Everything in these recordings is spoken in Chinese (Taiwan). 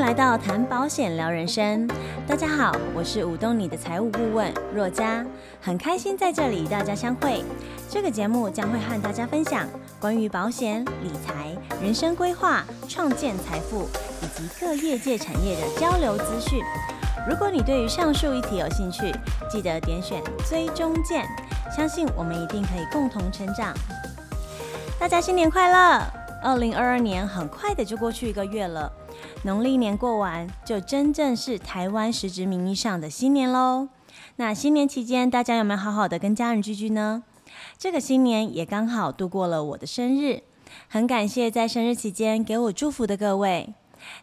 來到談保險聊人生，大家好，我是舞動你的財務顧問若家。很開心在這裡與大家相會。這個節目將會和大家分享關於保險、理財、人生規劃、創建財富以及各業界產業的交流資訊。如果你對於上述議題有興趣，記得點選追蹤鍵，相信我們一定可以共同成長。大家新年快樂！二零二二年很快的就過去一個月了。農曆年過完，就真正是台灣實質名義上的新年嘍。那新年期間，大家有沒有好好的跟家人聚聚呢？這個新年也剛好度過了我的生日，很感謝在生日期間給我祝福的各位。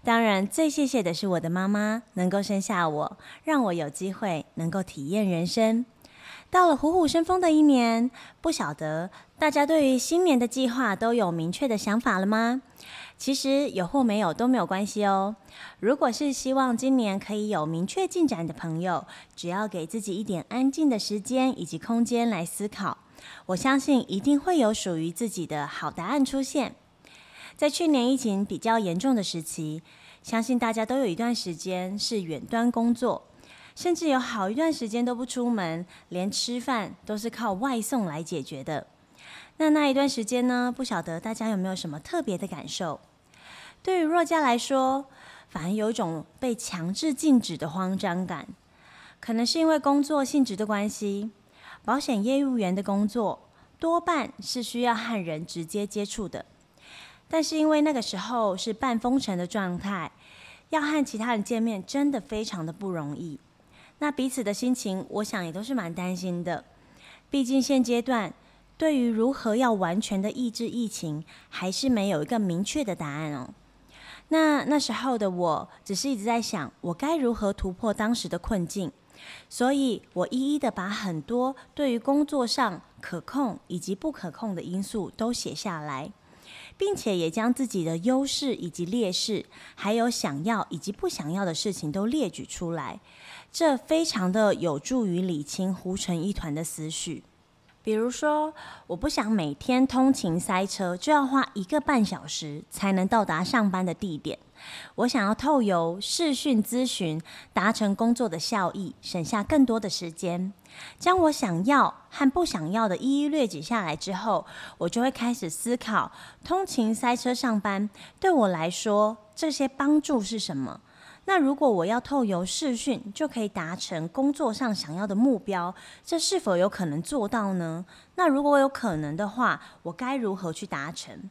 當然，最謝謝的是我的媽媽，能夠生下我，讓我有機會能夠體驗人生。到了虎虎生風的一年，不曉得大家對於新年的計劃都有明確的想法了嗎？其實有或沒有都沒有關係哦。如果是希望今年可以有明確進展的朋友，只要給自己一點安靜的時間以及空間來思考，我相信一定會有屬於自己的好答案出現。在去年疫情比較嚴重的時期，相信大家都有一段時間是遠端工作，甚至有好一段時間都不出門，連吃飯都是靠外送來解決的。那那一段時間呢？不曉得大家有沒有什麼特別的感受？對於若家來說，反而有一種被強制禁止的慌張感。可能是因為工作性質的關係，保險業務員的工作多半是需要和人直接接觸的。但是因為那個時候是半封城的狀態，要和其他人見面真的非常的不容易。那彼此的心情，我想也都是蠻擔心的。畢竟現階段。對於如何要完全的抑制疫情，還是沒有一個明確的答案哦。那那時候的我只是一直在想，我該如何突破當時的困境。所以我一一的把很多對於工作上可控以及不可控的因素都寫下來，並且也將自己的優勢以及劣勢，還有想要以及不想要的事情都列舉出來。這非常的有助於理清糊成一團的思緒。比如說，我不想每天通勤塞車，就要花一個半小時才能到達上班的地點。我想要透由視訊諮詢，達成工作的效益，省下更多的時間。將我想要和不想要的一一列舉下來之後，我就會開始思考：通勤塞車上班對我來說，這些幫助是什麼？那如果我要透由視訊，就可以達成工作上想要的目標，這是否有可能做到呢？那如果有可能的話，我該如何去達成？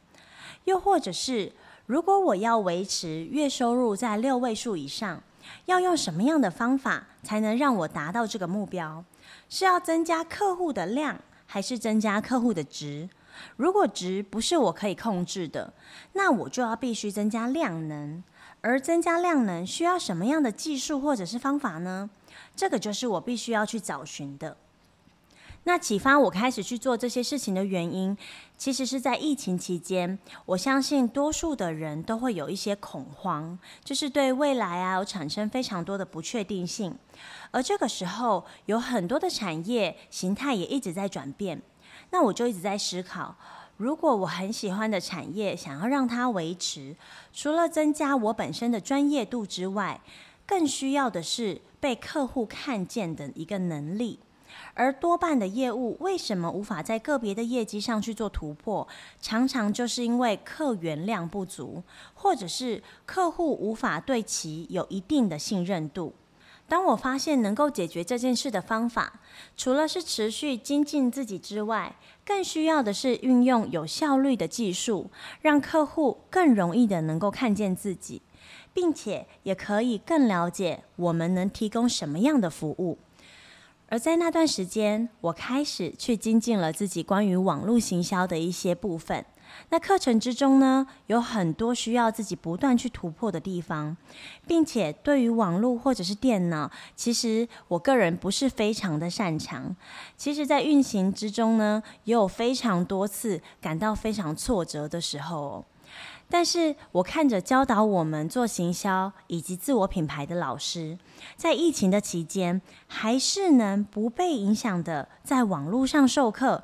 又或者是，如果我要維持月收入在六位數以上，要用什麼樣的方法才能讓我達到這個目標？是要增加客戶的量，還是增加客戶的值？如果值不是我可以控制的，那我就要必須增加量能。而增加量能需要什麼樣的技術或者是方法呢？這個就是我必須要去找尋的。那啟發我開始去做這些事情的原因，其實是在疫情期間，我相信多數的人都會有一些恐慌，就是對未來啊有產生非常多的不確定性。而這個時候，有很多的產業形態也一直在轉變，那我就一直在思考。如果我很喜歡的產業想要讓它維持，除了增加我本身的專業度之外，更需要的是被客戶看見的一個能力。而多半的業務為什麼無法在個別的業績上去做突破，常常就是因為客源量不足，或者是客戶無法對其有一定的信任度。當我發現能夠解決這件事的方法，除了是持續精進自己之外，更需要的是運用有效率的技術，讓客戶更容易的能夠看見自己，並且也可以更了解我們能提供什麼樣的服務。而在那段時間，我開始去精進了自己關於網絡行銷的一些部分。那課程之中呢，有很多需要自己不斷去突破的地方，並且對於網絡或者是電腦，其實我個人不是非常的擅長。其實，在運行之中呢，也有非常多次感到非常挫折的時候哦。但是我看着教導我們做行銷以及自我品牌的老師，在疫情的期間，還是能不被影響的在網絡上授課。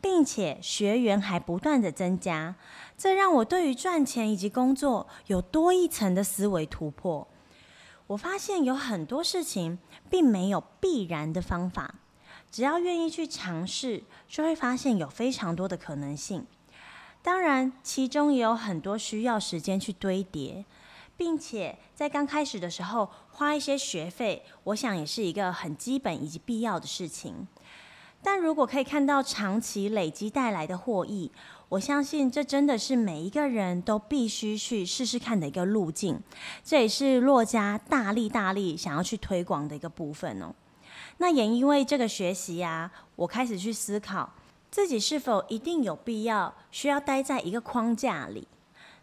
並且學員還不斷地增加，這讓我對於賺錢以及工作有多一層的思維突破。我發現有很多事情並沒有必然的方法，只要願意去嘗試，就會發現有非常多的可能性。當然，其中也有很多需要時間去堆疊，並且在剛開始的時候花一些學費，我想也是一個很基本以及必要的事情。但如果可以看到長期累積帶來的獲益，我相信這真的是每一個人都必須去試試看的一個路徑。這也是若家大力大力想要去推廣的一個部分哦。那也因為這個學習呀、啊，我開始去思考自己是否一定有必要需要待在一個框架裡。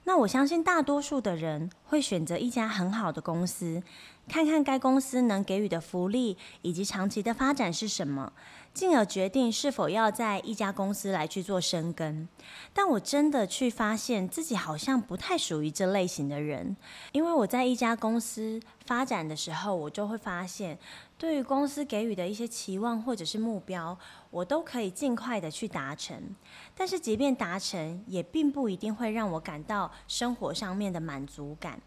那我相信大多數的人會選擇一家很好的公司，看看該公司能給予的福利以及長期的發展是什麼。進而決定是否要在一家公司來去做深耕，但我真的去發現自己好像不太屬於這類型的人，因為我在一家公司發展的時候，我就會發現，對於公司給予的一些期望或者是目標，我都可以盡快的去達成，但是即便達成，也並不一定會讓我感到生活上面的滿足感。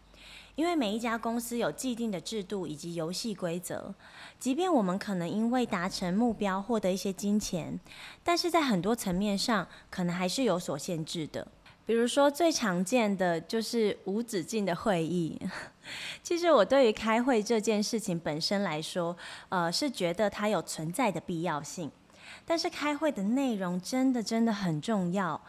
因為每一家公司有既定的制度以及遊戲規則，即便我們可能因為達成目標獲得一些金錢，但是在很多層面上可能還是有所限制的。比如說最常見的就是無止境的會議。其實我對於開會這件事情本身來說，呃，是覺得它有存在的必要性，但是開會的內容真的真的很重要。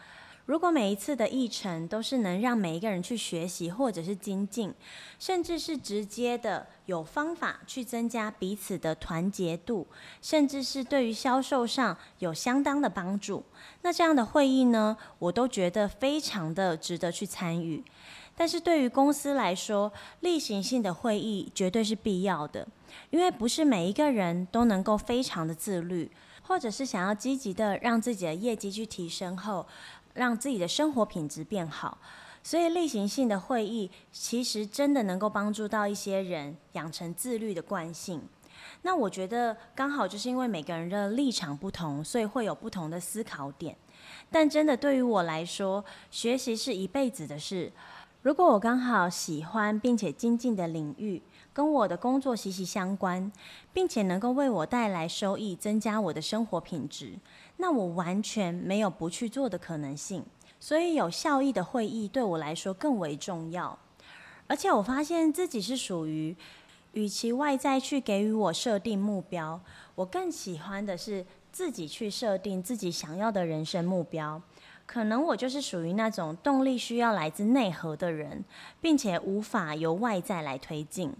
如果每一次的議程都是能讓每一個人去學習或者是精進，甚至是直接的有方法去增加彼此的團結度，甚至是對於銷售上有相當的幫助，那這樣的會議呢，我都覺得非常的值得去參與。但是對於公司來說，例行性的會議絕對是必要的，因為不是每一個人都能夠非常的自律，或者是想要積極的讓自己的業績去提升後。讓自己的生活品質變好，所以例行性的會議其實真的能夠幫助到一些人養成自律的慣性。那我覺得剛好就是因為每個人的立場不同，所以會有不同的思考點。但真的對於我來說，學習是一輩子的事。如果我剛好喜歡並且精進的領域，跟我的工作息息相關，並且能夠為我帶來收益，增加我的生活品質。那我完全沒有不去做的可能性。所以，有效益的會議對我來說更為重要。而且，我發現自己是屬於，與其外在去給予我設定目標，我更喜歡的是自己去設定自己想要的人生目標。可能我就是屬於那種動力需要來自內核的人，並且無法由外在來推進。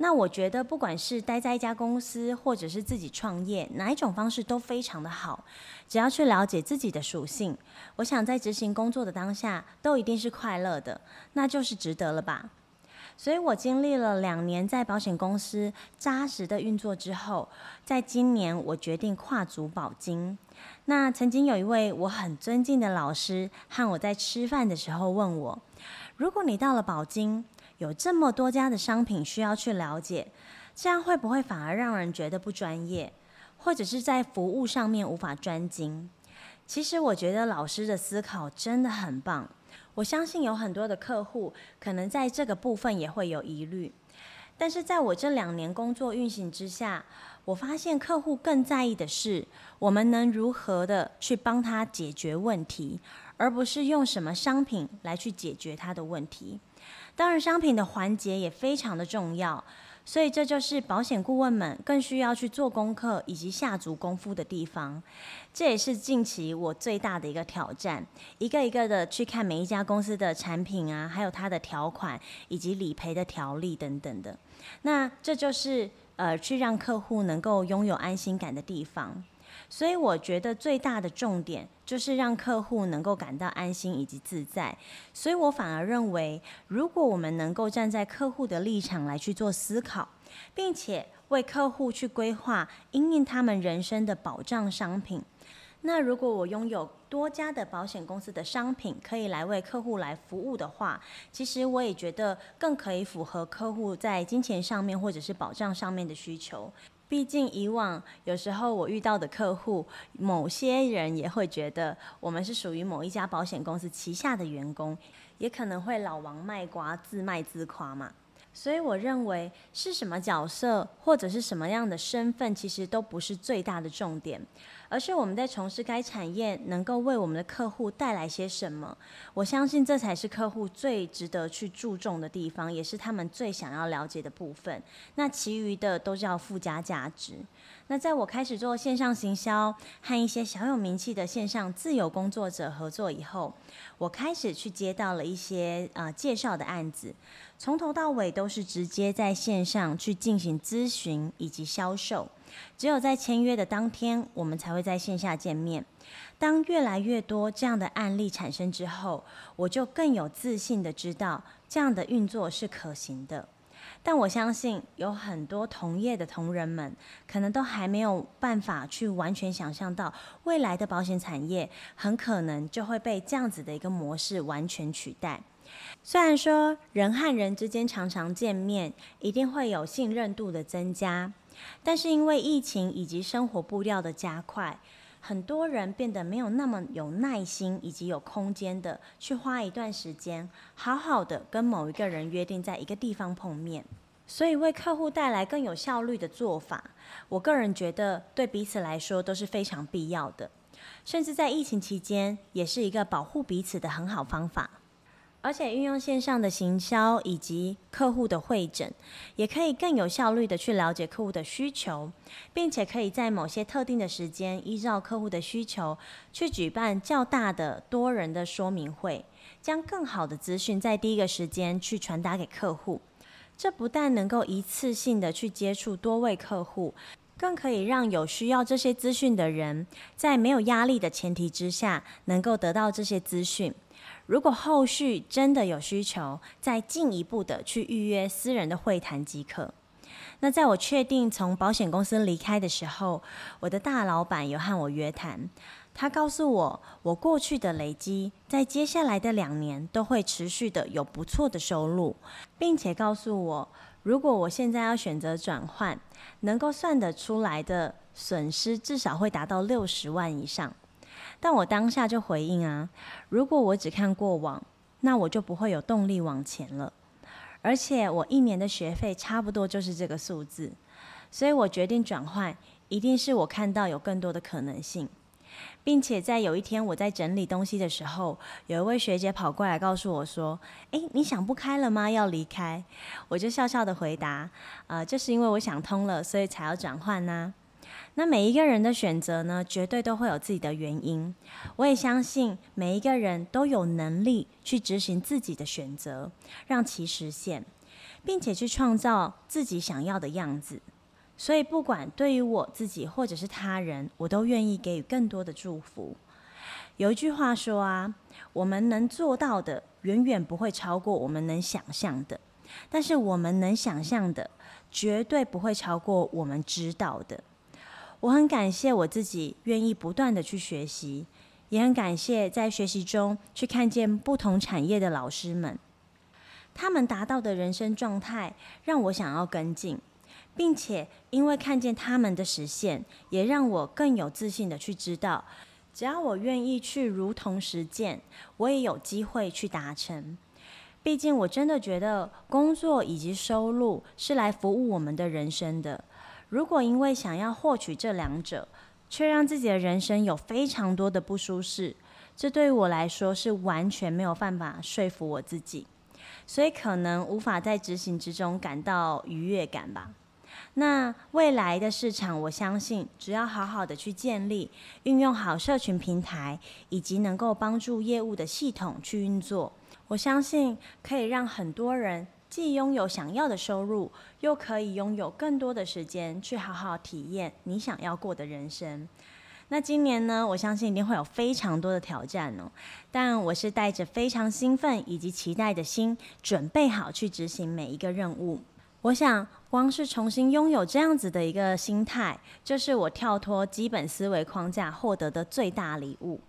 那我覺得，不管是待在一家公司，或者是自己創業，哪一種方式都非常的好。只要去了解自己的屬性，我想在執行工作的當下，都一定是快樂的，那就是值得了吧。所以我經歷了兩年在保險公司扎實的運作之後，在今年我決定跨足保經。那曾經有一位我很尊敬的老師和我在吃飯的時候問我：如果你到了保經，有這麼多家的商品需要去了解，這樣會不會反而讓人覺得不專業，或者是在服務上面無法專精？其實我覺得老師的思考真的很棒，我相信有很多的客戶可能在這個部分也會有疑慮，但是在我這兩年工作運行之下，我發現客戶更在意的是我們能如何的去幫他解決問題。而不是用什麼商品來去解決他的問題，當然商品的環節也非常的重要，所以這就是保險顧問們更需要去做功課以及下足功夫的地方。這也是近期我最大的一個挑戰，一個一個的去看每一家公司的產品啊，還有它的條款以及理賠的條例等等的。那這就是呃，去讓客戶能夠擁有安心感的地方。所以我覺得最大的重點就是讓客戶能夠感到安心以及自在。所以我反而認為，如果我們能夠站在客戶的立場來去做思考，並且為客戶去規劃因應他們人生的保障商品，那如果我擁有多家的保險公司的商品可以來為客戶來服務的話，其實我也覺得更可以符合客戶在金錢上面或者是保障上面的需求。畢竟以往有時候我遇到的客戶，某些人也會覺得我們是屬於某一家保險公司旗下的員工，也可能會老王賣瓜，自賣自誇嘛。所以我認為是什麼角色或者是什麼樣的身份，其實都不是最大的重點。而是我們在從事該產業能夠為我們的客戶帶來些什麼？我相信這才是客戶最值得去注重的地方，也是他們最想要了解的部分。那其餘的都叫附加價值。那在我開始做線上行銷和一些小有名氣的線上自由工作者合作以後，我開始去接到了一些呃介紹的案子，從頭到尾都是直接在線上去進行諮詢以及銷售。只有在簽約的當天，我們才會在線下見面。當越來越多這樣的案例產生之後，我就更有自信的知道這樣的運作是可行的。但我相信，有很多同業的同仁們，可能都還沒有辦法去完全想象到，未來的保險產業很可能就會被這樣子的一個模式完全取代。雖然說人和人之間常常見面，一定會有信任度的增加。但是因為疫情以及生活步調的加快，很多人變得沒有那麼有耐心，以及有空間的去花一段時間，好好的跟某一個人約定在一個地方碰面。所以為客戶帶來更有效率的做法，我個人覺得對彼此來說都是非常必要的，甚至在疫情期間也是一個保護彼此的很好方法。而且運用線上的行銷以及客戶的會診，也可以更有效率的去了解客戶的需求，並且可以在某些特定的時間，依照客戶的需求去舉辦較大的多人的說明會，將更好的資訊在第一個時間去傳達給客戶。這不但能夠一次性的去接觸多位客戶，更可以讓有需要這些資訊的人，在沒有壓力的前提之下，能夠得到這些資訊。如果後續真的有需求，再進一步的去預約私人的會談即可。那在我確定從保險公司離開的時候，我的大老板有和我約談，他告訴我，我過去的累積在接下來的兩年都會持續的有不錯的收入，並且告訴我，如果我現在要選擇轉換，能夠算得出來的損失至少會達到六十萬以上。但我當下就回應啊，如果我只看過往，那我就不會有動力往前了。而且我一年的學費差不多就是這個數字，所以我決定轉換，一定是我看到有更多的可能性，並且在有一天我在整理東西的時候，有一位學姐跑過來告訴我說：“誒，你想不開了嗎？要離開？”我就笑笑的回答：“呃，就是因為我想通了，所以才要轉換呢、啊。”那每一個人的選擇呢，絕對都會有自己的原因。我也相信每一個人都有能力去執行自己的選擇，讓其實現，並且去創造自己想要的樣子。所以，不管對於我自己或者是他人，我都願意給予更多的祝福。有一句話說啊，我們能做到的遠遠不會超過我們能想象的，但是我們能想象的絕對不會超過我們知道的。我很感謝我自己願意不斷的去學習，也很感謝在學習中去看見不同產業的老師們，他們達到的人生狀態讓我想要跟進，並且因為看見他們的實現，也讓我更有自信的去知道，只要我願意去如同實踐，我也有機會去達成。畢竟我真的覺得工作以及收入是來服務我們的人生的。如果因為想要獲取這兩者，卻讓自己的人生有非常多的不舒適，這對我來說是完全沒有辦法說服我自己，所以可能無法在執行之中感到愉悅感吧。那未來的市場，我相信只要好好的去建立，運用好社群平台以及能夠幫助業務的系統去運作，我相信可以讓很多人。既擁有想要的收入，又可以擁有更多的時間去好好體驗你想要過的人生。那今年呢，我相信一定會有非常多的挑戰哦，但我是帶着非常興奮以及期待的心，準備好去執行每一個任務。我想，光是重新擁有這樣子的一個心態，就是我跳脫基本思維框架獲得的最大禮物。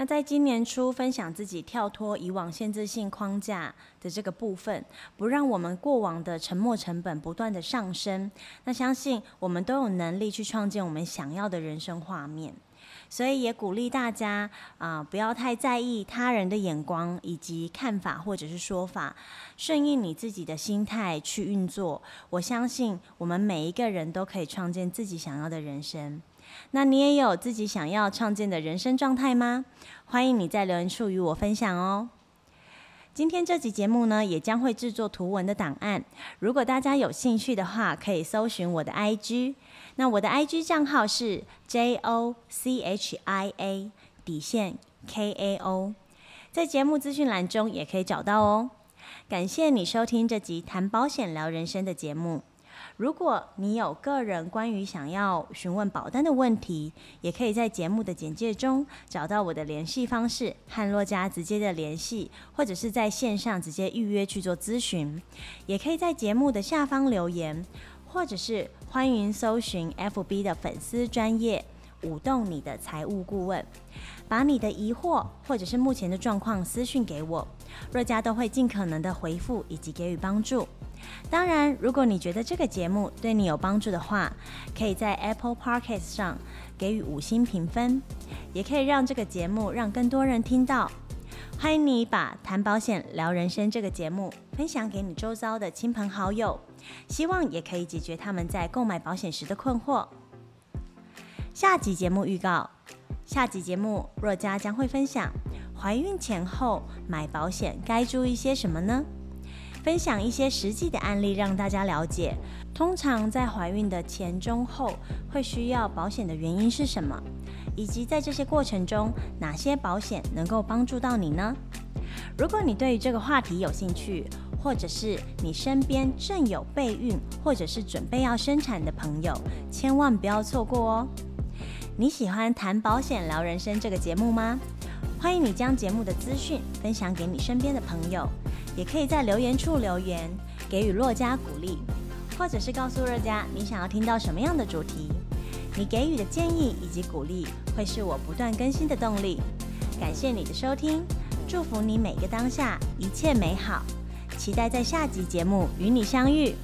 那在今年初分享自己跳脫以往限制性框架的這個部分，不讓我們過往的沉沒成本不斷的上升。那相信我們都有能力去創建我們想要的人生畫面，所以也鼓勵大家啊、呃，不要太在意他人的眼光以及看法或者是說法，順應你自己的心態去運作。我相信我們每一個人都可以創建自己想要的人生。那你也有自己想要創建的人生狀態嗎？歡迎你在留言處與我分享哦。今天這集節目呢，也將會製作圖文的檔案。如果大家有興趣的話，可以搜尋我的 IG。那我的 IG 賬號是 J O C H I A，底線 K A O，在節目資訊欄中也可以找到哦。感謝你收聽這集談保險聊人生的節目。如果你有個人關於想要詢問保單的問題，也可以在節目的簡介中找到我的聯繫方式，和若家直接的聯繫，或者是在線上直接預約去做諮詢，也可以在節目的下方留言，或者是歡迎搜尋 FB 的粉絲專頁舞動你的財務顧問，把你的疑惑或者是目前的狀況私訊給我，若家都會盡可能的回復以及給予幫助。當然，如果你覺得這個節目對你有幫助的話，可以在 Apple Podcast 上給予五星評分，也可以讓這個節目讓更多人聽到。歡迎你把《談保險聊人生》這個節目分享給你周遭的親朋好友，希望也可以解決他們在購買保險時的困惑。下集節目預告：下集節目若家將會分享懷孕前後買保險該注意一些什麼呢？分享一些實際的案例，讓大家了解，通常在懷孕的前、中、後會需要保險的原因是什麼，以及在這些過程中哪些保險能夠幫助到你呢？如果你對於這個話題有興趣，或者是你身邊正有備孕或者是準備要生產的朋友，千萬不要錯過哦！你喜歡談保險聊人生這個節目嗎？歡迎你將節目的資訊分享給你身邊的朋友。也可以在留言處留言，給予若家鼓勵，或者是告訴若家你想要聽到什麼樣的主題。你給予的建議以及鼓勵會是我不斷更新的動力。感謝你的收聽，祝福你每個當下一切美好，期待在下集節目與你相遇。